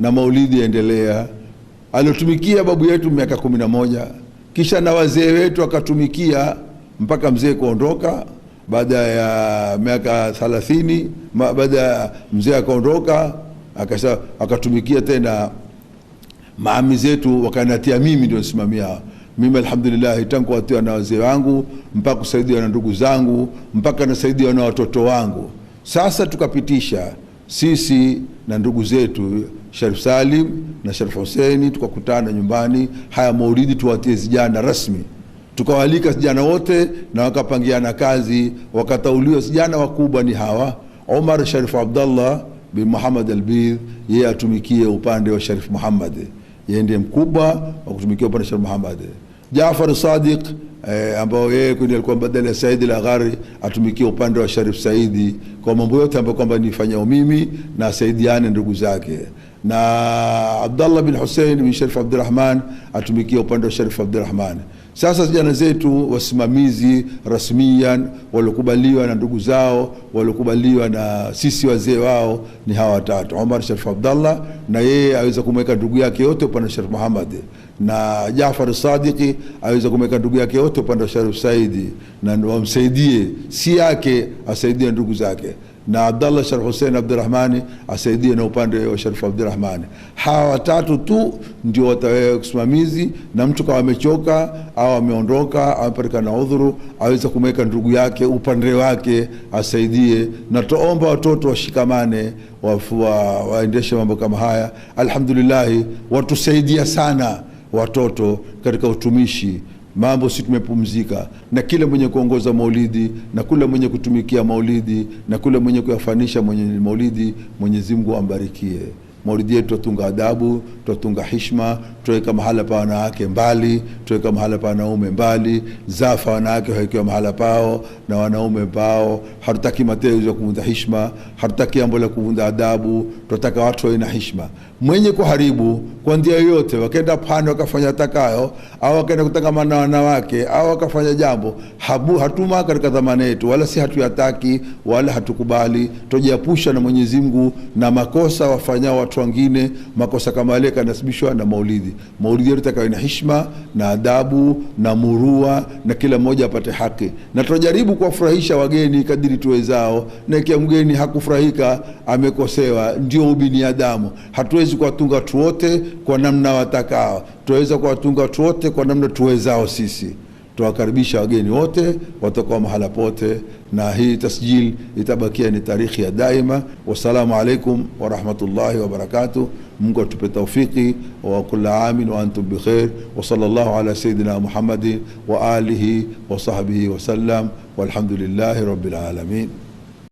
na maulidi yaendelea. Aliotumikia babu yetu miaka kumi na moja, kisha na wazee wetu akatumikia mpaka mzee kuondoka baada ya miaka thalathini. Baada ya mzee akaondoka, akatumikia tena maami zetu wakanatia, mimi ndio nisimamia mimi alhamdulillah, tangu kuwatiwa na wazee wangu mpaka kusaidiwa na ndugu zangu mpaka nasaidiwa na watoto wangu. Sasa tukapitisha sisi na ndugu zetu Sharif Salim na Sharif huseini tukakutana nyumbani, haya maulidi tuwatie zijana rasmi, tukawalika zijana wote na wakapangiana kazi, wakatauliwa zijana wakubwa ni hawa: Omar Sharif Abdallah bin Muhammad Albidh, yeye atumikie upande wa Sharif Muhammad, yeye ndiye mkubwa wa kutumikia upande wa Sharif Muhammad. Jaafar Sadiq eh, ambao yeye alikuwa badala ya Saidi Lagari atumikie upande wa Sharif Saidi kwa mambo yote ambayo kwamba nifanyao mimi na saidiane ndugu zake, na Abdallah bin Hussein bin Sharif Abdurrahman atumikie upande wa Sharif Abdurrahman. Sasa vijana zetu wasimamizi rasmian waliokubaliwa na ndugu zao waliokubaliwa na sisi wazee wao ni hawa watatu, Omar Sharif Abdallah, na yeye aweza kumweka ndugu yake yote upande wa Sharif Muhammad, na Jaafar Sadiqi aweza kumweka ndugu yake yote wote upande wa Sharif Saidi na wamsaidie, si yake asaidie ndugu zake, na Abdallah Sharif Hussein Abdurahmani asaidie na upande wa Sharif Abdurahmani. Hawa watatu tu ndio watawea kusimamizi na mtu kama amechoka au ameondoka amepatikana na udhuru, aweza kumweka ndugu yake upande wake asaidie, na tuomba watoto washikamane, waendeshe wa, mambo kama haya. Alhamdulillah, watusaidia sana watoto katika utumishi mambo si tumepumzika, na kila mwenye kuongoza maulidi na kula mwenye kutumikia maulidi na kula mwenye kuyafanisha mwenye maulidi, Mwenyezi Mungu ambarikie maulidi yetu twatunga adabu, twatunga hishma, tuweka mahala pa wanawake mbali, tuweka mahala pa wanaume mbali. Zafa wanawake wawekewa mahala pao na wanaume pao. Hatutaki matendo ya kuvunja hishma, hatutaki jambo la kuvunja adabu, tunataka watu wawe na heshima. Mwenye kuharibu kwa njia yoyote, wakaenda pande wakafanya takayo, au wakaenda kutangamana na wanawake, au wakafanya jambo habu, hatuma katika dhamana yetu, wala si hatuyataki wala hatukubali. Tujiepusha na Mwenyezi Mungu na makosa wafanyao watu watu wengine makosa kama yale kanasibishwa na maulidi. Maulidi yote yakawa na heshima na adabu na murua, na kila mmoja apate haki, na tunajaribu kuwafurahisha wageni kadiri tuwezao, na ikiwa mgeni hakufurahika amekosewa, ndio ubinadamu. Hatuwezi kuwatunga watu wote kwa namna watakao, tunaweza kuwatunga watu wote kwa namna tuwezao sisi. tuwakaribisha wageni wote watakuwa mahala pote, na hii tasjil itabakia ni tarikhi ya daima. Wassalamu alaikum warahmatullahi wabarakatuh. Mungu atupe taufiki wa kula amin wa antum bikhair, wa sallallahu ala sayidina Muhammadin wa alihi wa sahbihi wasallam, walhamdulillahi rabbil alamin.